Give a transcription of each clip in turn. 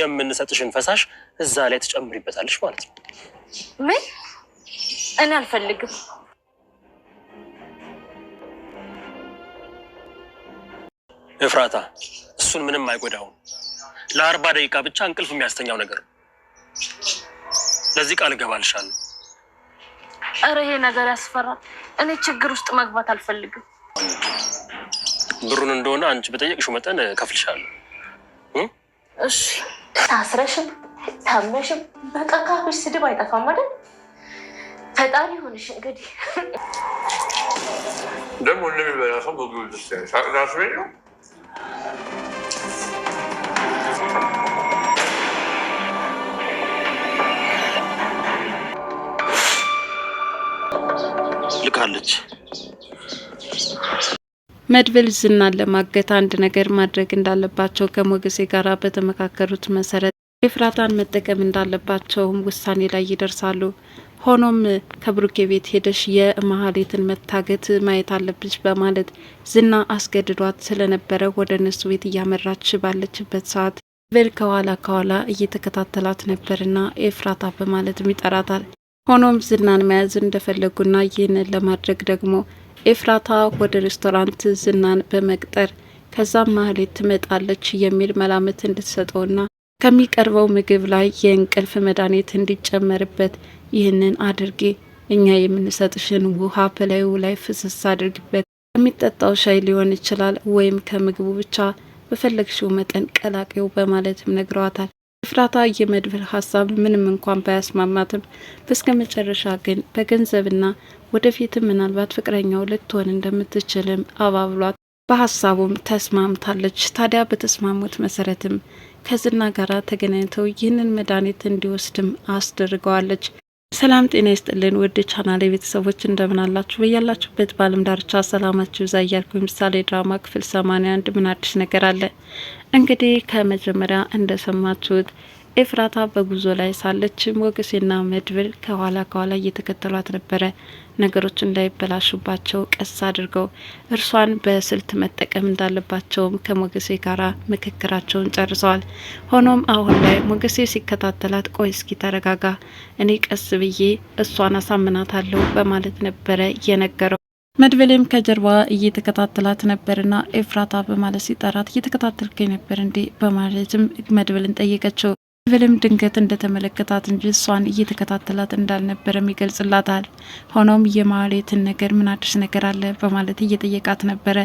የምንሰጥሽን ፈሳሽ እዛ ላይ ትጨምሪበታለሽ ማለት ነው። ምን? እኔ አልፈልግም። እፍራታ፣ እሱን ምንም አይጎዳውም። ለአርባ ደቂቃ ብቻ እንቅልፍ የሚያስተኛው ነገር ነው። ለዚህ ቃል እገባልሻለሁ። ኧረ ይሄ ነገር ያስፈራል። እኔ ችግር ውስጥ መግባት አልፈልግም። ብሩን እንደሆነ አንቺ በጠየቅሽው መጠን ከፍልሻለ እሺ ታስረሽም ታመሽም በቃካሽ ስድብ አይጠፋም አይደል? ፈጣሪ ሆንሽ እንግዲህ ደግሞ እንደሚበላ ሰው ምግብ ራሱ ነው። ልካለች መድብል ዝናን ለማገት አንድ ነገር ማድረግ እንዳለባቸው ከሞገሴ ጋር በተመካከሩት መሰረት ኤፍራታን መጠቀም እንዳለባቸውም ውሳኔ ላይ ይደርሳሉ። ሆኖም ከብሩኬ ቤት ሄደሽ የመሀሌትን መታገት ማየት አለብሽ በማለት ዝና አስገድዷት ስለነበረ ወደ እነሱ ቤት እያመራች ባለችበት ሰዓት መድብል ከኋላ ከኋላ እየተከታተላት ነበርና ኤፍራታ በማለትም ይጠራታል። ሆኖም ዝናን መያዝ እንደፈለጉና ይህንን ለማድረግ ደግሞ ኤፍራታ ወደ ሬስቶራንት ዝናን በመቅጠር ከዛም ማህሌት ትመጣለች የሚል መላምት እንድትሰጠውና ከሚቀርበው ምግብ ላይ የእንቅልፍ መድኃኒት እንዲጨመርበት ይህንን አድርጌ እኛ የምንሰጥሽን ውሃ በላዩ ላይ ፍስስ አድርግበት፣ የሚጠጣው ሻይ ሊሆን ይችላል ወይም ከምግቡ ብቻ በፈለግሽው መጠን ቀላቂው በማለትም ነግረዋታል። ኤፍራታ የመድብል ሀሳብ ምንም እንኳን ባያስማማትም በስከ መጨረሻ ግን በገንዘብና ወደፊትም ምናልባት ፍቅረኛው ልትሆን እንደምትችልም አባብሏት በሀሳቡም ተስማምታለች። ታዲያ በተስማሙት መሰረትም ከዝና ጋር ተገናኝተው ይህንን መድኃኒት እንዲወስድም አስደርገዋለች። ሰላም ጤና ይስጥልን ውድ ቻናል የቤተሰቦች እንደምን አላችሁ? በያላችሁበት በዓለም ዳርቻ ሰላማችሁ ይብዛ እያልኩ ምሳሌ ድራማ ክፍል ሰማንያ አንድ ምን አዲስ ነገር አለ? እንግዲህ ከመጀመሪያ እንደሰማችሁት ኤፍራታ በጉዞ ላይ ሳለች ሞገሴና መድብል ከኋላ ከኋላ እየተከተሏት ነበረ። ነገሮች እንዳይበላሹባቸው ቀስ አድርገው እርሷን በስልት መጠቀም እንዳለባቸውም ከሞገሴ ጋር ምክክራቸውን ጨርሰዋል። ሆኖም አሁን ላይ ሞገሴ ሲከታተላት፣ ቆይ እስኪ ተረጋጋ፣ እኔ ቀስ ብዬ እሷን አሳምናታለሁ በማለት ነበረ የነገረው። መድብልም ከጀርባ እየተከታተላት ነበርና ኤፍራታ በማለት ሲጠራት እየተከታተልከኝ ነበር እንዴ በማለትም መድብልን ጠየቀችው። ብልም ድንገት እንደተመለከታት እንጂ እሷን እየተከታተላት እንዳልነበረም ይገልጽላታል። ሆኖም የማህሌትን ነገር ምን አዲስ ነገር አለ በማለት እየጠየቃት ነበረ።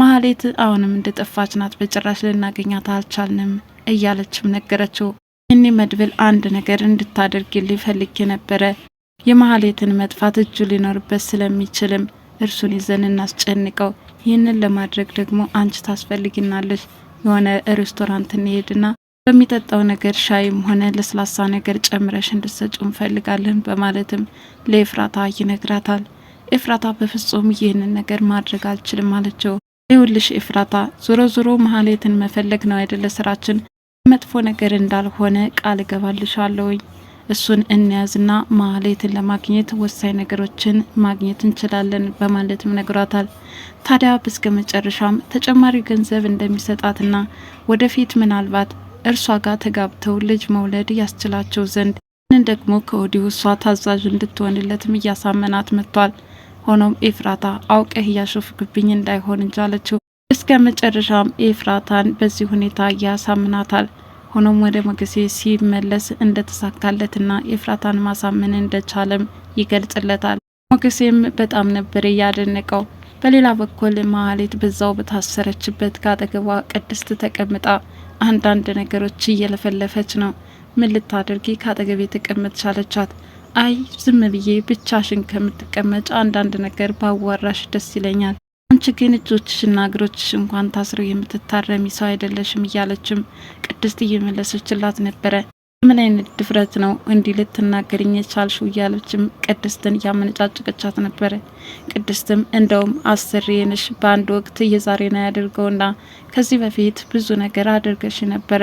ማህሌት አሁንም እንደጠፋች ናት፣ በጭራሽ ልናገኛት አልቻልንም እያለችም ነገረችው። እኔ መድብል አንድ ነገር እንድታደርግልኝ ፈልጌ ነበረ። የማህሌትን መጥፋት እጁ ሊኖርበት ስለሚችልም እርሱን ይዘን እናስጨንቀው። ይህንን ለማድረግ ደግሞ አንቺ ታስፈልግናለች። የሆነ ሬስቶራንት እንሄድና በሚጠጣው ነገር ሻይም ሆነ ለስላሳ ነገር ጨምረሽ እንድትሰጪው እንፈልጋለን በማለትም ለኤፍራታ ይነግራታል። ኤፍራታ በፍጹም ይህንን ነገር ማድረግ አልችልም አለችው። ይኸውልሽ ኤፍራታ፣ ዞሮ ዞሮ መሀሌትን መፈለግ ነው አይደለ ስራችን? መጥፎ ነገር እንዳልሆነ ቃል እገባልሻለሁኝ። እሱን እንያዝና መሀሌትን ለማግኘት ወሳኝ ነገሮችን ማግኘት እንችላለን በማለትም ነግሯታል። ታዲያ በስከ መጨረሻም ተጨማሪ ገንዘብ እንደሚሰጣትና ወደፊት ምናልባት እርሷ ጋር ተጋብተው ልጅ መውለድ ያስችላቸው ዘንድ ይህንን ደግሞ ከወዲሁ እሷ ታዛዥ እንድትሆንለትም እያሳመናት መጥቷል። ሆኖም ኤፍራታ አውቀህ እያሾፍክብኝ እንዳይሆን እንጂ አለችው። እስከ መጨረሻም ኤፍራታን በዚህ ሁኔታ ያሳምናታል። ሆኖም ወደ ሞገሴ ሲመለስ እንደተሳካለትና ኤፍራታን ማሳመን እንደቻለም ይገልጽለታል። ሞገሴም በጣም ነበር ያደነቀው። በሌላ በኩል መሀሌት በዛው በታሰረችበት ከአጠገቧ ቅድስት ተቀምጣ አንዳንድ ነገሮች እየለፈለፈች ነው። ምን ልታደርጊ ከአጠገቤ ተቀመጥሽ አለቻት። አይ ዝም ብዬ ብቻሽን ከምትቀመጭ አንዳንድ ነገር ባዋራሽ ደስ ይለኛል። አንቺ ግን እጆችሽና እግሮችሽ እንኳን ታስረው የምትታረሚ ሰው አይደለሽም እያለችም ቅድስት እየመለሰችላት ነበረ። ምን አይነት ድፍረት ነው እንዲህ ልትናገርኝ የቻልሽው? እያለችም ቅድስትን ያመነጫጭቀቻት ነበረ። ቅድስትም እንደውም አስሬንሽ በአንድ ወቅት የዛሬ ነው ያደርገውና ከዚህ በፊት ብዙ ነገር አድርገሽ ነበረ።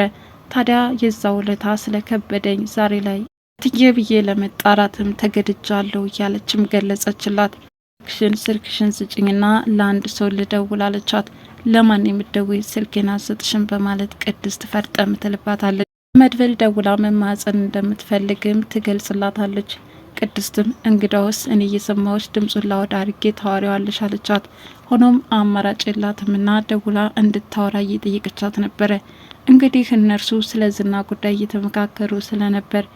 ታዲያ የዛ ውለታ ስለከበደኝ ዛሬ ላይ ትዬ ብዬ ለመጣራትም ተገድጃለሁ እያለችም ገለጸችላት። ክሽን ስልክሽን ስጭኝና ለአንድ ሰው ልደውል አለቻት። ለማን የምትደውይ ስልኬን አልሰጥሽም በማለት ቅድስት ፈርጠም ትልባታለች። መድብል ደውላ መማፀን እንደምትፈልግም ትገልጽላታለች። ቅድስትም እንግዳውስ እኔ እየሰማዎች ድምፁን ላወድ አድርጌ ታዋሪዋለሽ አለቻት። ሆኖም አማራጭ የላትምና ደውላ እንድታወራ እየጠየቀቻት ነበረ። እንግዲህ እነርሱ ስለ ዝና ጉዳይ እየተመካከሩ ስለነበር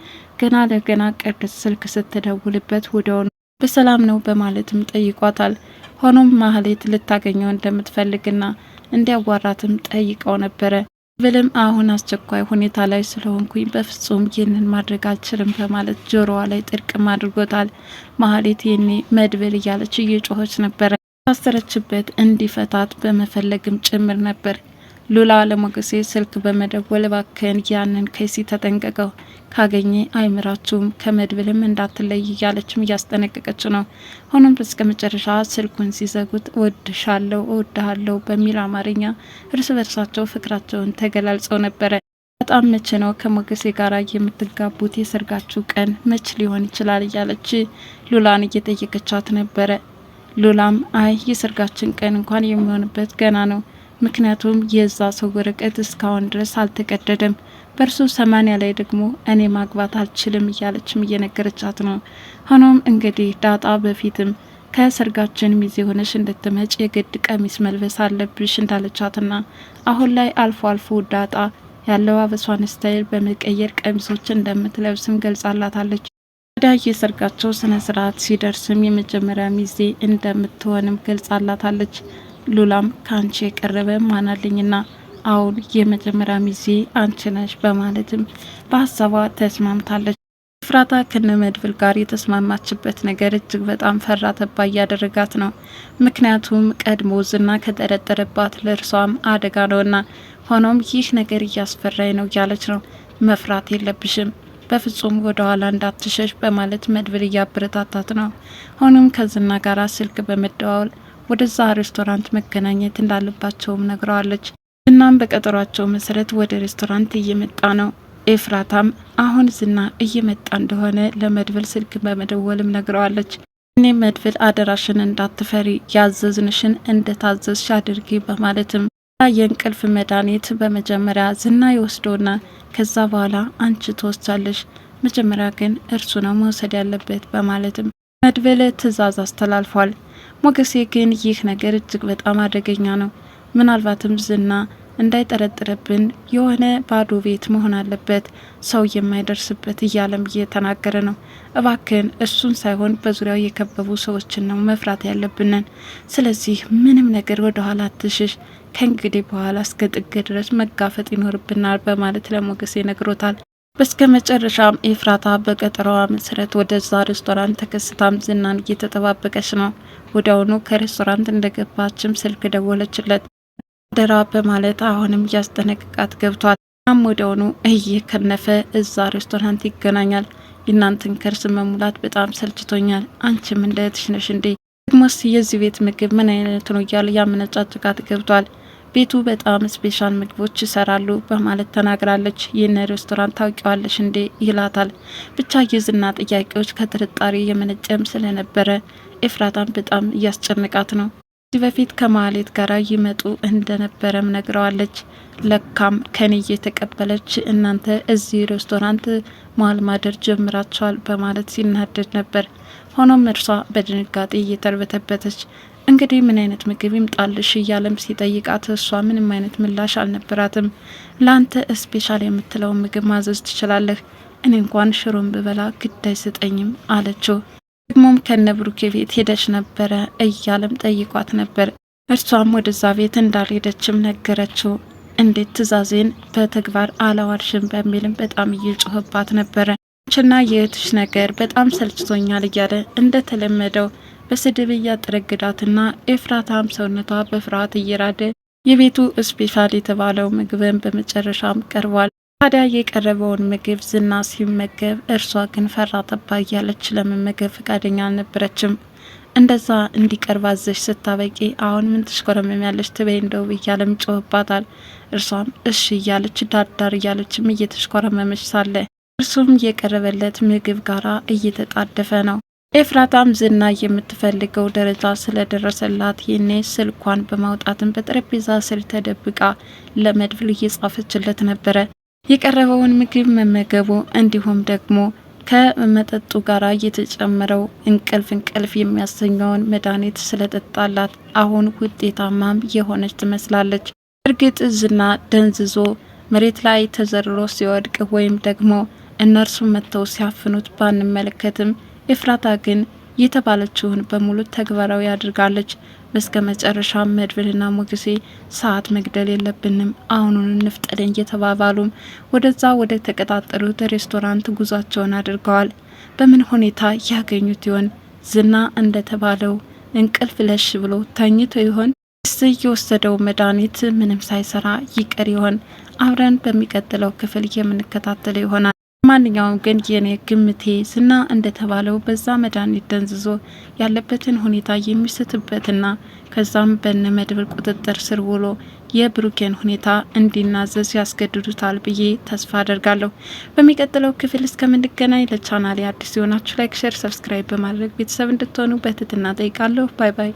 ገና ለገና ቅድስት ስልክ ስትደውልበት ወዲያውኑ በሰላም ነው በማለትም ጠይቋታል። ሆኖም ማህሌት ልታገኘው እንደምትፈልግና እንዲያዋራትም ጠይቀው ነበረ። ብልም አሁን አስቸኳይ ሁኔታ ላይ ስለሆንኩኝ በፍጹም ይህንን ማድረግ አልችልም በማለት ጆሮዋ ላይ ጥርቅም አድርጎታል። መሀሌት የኔ መድብል እያለች እየጮኸች ነበረ። ታሰረችበት እንዲፈታት በመፈለግም ጭምር ነበር። ሉላ ለሞገሴ ስልክ በመደወል እባክህን ያንን ከሲ ተጠንቀቀው ካገኘ አይምራችሁም ከመድብልም እንዳትለይ እያለችም እያስጠነቀቀች ነው። ሆኖም እስከ መጨረሻ ስልኩን ሲዘጉት እወድሻለሁ፣ እወድሃለሁ በሚል አማርኛ እርስ በርሳቸው ፍቅራቸውን ተገላልጸው ነበረ። በጣም መቼ ነው ከሞገሴ ጋር የምትጋቡት? የሰርጋችሁ ቀን መች ሊሆን ይችላል? እያለች ሉላን እየጠየቀቻት ነበረ። ሉላም አይ የሰርጋችን ቀን እንኳን የሚሆንበት ገና ነው፣ ምክንያቱም የዛ ሰው ወረቀት እስካሁን ድረስ አልተቀደደም በእርሱ ሰማኒያ ላይ ደግሞ እኔ ማግባት አልችልም እያለችም እየነገረቻት ነው። ሆኖም እንግዲህ ዳጣ በፊትም ከሰርጋችን ሚዜ ሆነሽ እንድትመጭ የግድ ቀሚስ መልበስ አለብሽ እንዳለቻትና አሁን ላይ አልፎ አልፎ ዳጣ ያለባበሷን ስታይል በመቀየር ቀሚሶች እንደምትለብስም ገልጻላታለች። ወዲያ የሰርጋቸው ስነ ስርዓት ሲደርስም የመጀመሪያ ሚዜ እንደምትሆንም ገልጻላታለች። ሉላም ከአንቺ የቀረበ ማናለኝና አሁን የመጀመሪያ ሚዜ አንቺ ነሽ በማለትም በሀሳቧ ተስማምታለች። ኤፍራታ መድብል ጋር የተስማማችበት ነገር እጅግ በጣም ፈራ ተባ እያደረጋት ነው። ምክንያቱም ቀድሞ ዝና ከጠረጠረባት ለእርሷም አደጋ ነውና፣ ሆኖም ይህ ነገር እያስፈራኝ ነው እያለች ነው። መፍራት የለብሽም በፍጹም ወደ ኋላ እንዳትሸሽ በማለት መድብል እያበረታታት ነው። ሆኖም ከዝና ጋር ስልክ በመደዋወል ወደዛ ሬስቶራንት መገናኘት እንዳለባቸውም ነግረዋለች። ዝናም በቀጠሯቸው መሰረት ወደ ሬስቶራንት እየመጣ ነው። ኤፍራታም አሁን ዝና እየመጣ እንደሆነ ለመድብል ስልክ በመደወልም ነግረዋለች። እኔ መድብል አደራሽን እንዳትፈሪ ያዘዝንሽን እንደታዘዝሽ አድርጊ በማለትም የእንቅልፍ መድኃኒት በመጀመሪያ ዝና ይወስዶና ከዛ በኋላ አንቺ ትወስቻለሽ፣ መጀመሪያ ግን እርሱ ነው መውሰድ ያለበት በማለትም መድብል ትዕዛዝ አስተላልፏል። ሞገሴ ግን ይህ ነገር እጅግ በጣም አደገኛ ነው ምናልባትም ዝና እንዳይጠረጥርብን የሆነ ባዶ ቤት መሆን አለበት ሰው የማይደርስበት እያለም እየተናገረ ነው። እባክን እሱን ሳይሆን በዙሪያው የከበቡ ሰዎችን ነው መፍራት ያለብንን። ስለዚህ ምንም ነገር ወደ ኋላ አትሽሽ፣ ከእንግዲህ በኋላ እስከ ጥግ ድረስ መጋፈጥ ይኖርብናል በማለት ለሞገስ ይነግሮታል። በስከ መጨረሻም ኤፍራታ በቀጠሮዋ መሰረት ወደዛ ሬስቶራንት ተከስታም ዝናን እየተጠባበቀች ነው። ወዲያውኑ ከሬስቶራንት እንደገባችም ስልክ ደወለችለት። ደራ በማለት አሁንም እያስጠነቅቃት ገብቷል። እናም ወደውኑ እየከነፈ እዛ ሬስቶራንት ይገናኛል። የእናንተን ከርስ መሙላት በጣም ሰልችቶኛል። አንቺም እንደ እህትሽ ነሽ እንዴ? ደግሞስ የዚህ ቤት ምግብ ምን አይነት ነው እያለ ያመነጫጭቃት ገብቷል። ቤቱ በጣም ስፔሻል ምግቦች ይሰራሉ በማለት ተናግራለች። ይህን ሬስቶራንት ታውቂዋለሽ እንዴ ይላታል። ብቻ የዝና ጥያቄዎች ከጥርጣሬ የመነጨም ስለነበረ ኤፍራታን በጣም እያስጨንቃት ነው። ከዚህ በፊት ከማሌት ጋር ይመጡ እንደነበረም ነግረዋለች። ለካም ከኔ እየተቀበለች እናንተ እዚህ ሬስቶራንት መዋል ማደር ጀምራቸዋል በማለት ሲናደድ ነበር። ሆኖም እርሷ በድንጋጤ እየተርበተበተች እንግዲህ ምን አይነት ምግብ ይምጣልሽ እያለም ሲጠይቃት እሷ ምንም አይነት ምላሽ አልነበራትም። ለአንተ ስፔሻል የምትለውን ምግብ ማዘዝ ትችላለህ፣ እኔ እንኳን ሽሮን ብበላ ግድ አይሰጠኝም አለችው። ደግሞም ብሩኬ ቤት ሄደች ነበረ እያለም ጠይቋት ነበር። እርሷም ወደዛ ቤት እንዳልሄደችም ነገረችው። እንዴት ትዕዛዜን በተግባር አላዋልሽም በሚልም በጣም እየጮህባት ነበረ። ችና የእህትሽ ነገር በጣም ሰልችቶኛል እያለ እንደተለመደው በስድብ እያጠረግዳትና ኤፍራታም ሰውነቷ በፍርሃት እየራደ የቤቱ ስፔሻል የተባለው ምግብን በመጨረሻም ቀርቧል። ታዲያ የቀረበውን ምግብ ዝና ሲመገብ እርሷ ግን ፈራ ጠባ እያለች ለመመገብ ፈቃደኛ አልነበረችም። እንደዛ እንዲቀርብ አዘሽ ስታበቂ አሁን ምን ያለች ትበይ እንደው እያለም ጮህባታል። እርሷም እሺ እያለች ዳርዳር እያለችም እየተሽኮረመመች ሳለ እርሱም የቀረበለት ምግብ ጋራ እየተጣደፈ ነው። ኤፍራታም ዝና የምትፈልገው ደረጃ ስለደረሰላት ይህኔ ስልኳን በማውጣትም በጠረጴዛ ስር ተደብቃ ለመድብል እየጻፈችለት ነበረ። የቀረበውን ምግብ መመገቡ እንዲሁም ደግሞ ከመጠጡ ጋር እየተጨመረው እንቅልፍ እንቅልፍ የሚያሰኘውን መድኃኒት ስለጠጣላት አሁን ውጤታማም የሆነች ትመስላለች። እርግጥ ዝና ደንዝዞ መሬት ላይ ተዘርሮ ሲወድቅ ወይም ደግሞ እነርሱ መጥተው ሲያፍኑት ባንመለከትም ኤፍራታ ግን የተባለችውን በሙሉ ተግባራዊ አድርጋለች። በስከ መጨረሻ መድብልና ሞገሴ ሰዓት መግደል የለብንም አሁኑን እንፍጠደን እየተባባሉም ወደዛ ወደ ተቀጣጠሩት ሬስቶራንት ጉዟቸውን አድርገዋል። በምን ሁኔታ ያገኙት ይሆን? ዝና እንደተባለው እንቅልፍ ለሽ ብሎ ተኝቶ ይሆን? ስ የወሰደው መድኃኒት ምንም ሳይሰራ ይቀር ይሆን? አብረን በሚቀጥለው ክፍል የምንከታተለው ይሆናል። ለማንኛውም ግን የኔ ግምቴ ዝና እንደተባለው በዛ መድኃኒት ደንዝዞ ያለበትን ሁኔታ የሚስትበትና ከዛም በነ መድብር ቁጥጥር ስር ውሎ የብሩኬን ሁኔታ እንዲናዘዝ ያስገድዱታል ብዬ ተስፋ አደርጋለሁ። በሚቀጥለው ክፍል እስከምንገናኝ ለቻናሌ አዲስ የሆናችሁ ላይክ፣ ሼር፣ ሰብስክራይብ በማድረግ ቤተሰብ እንድትሆኑ በትህትና ጠይቃለሁ። ባይ ባይ።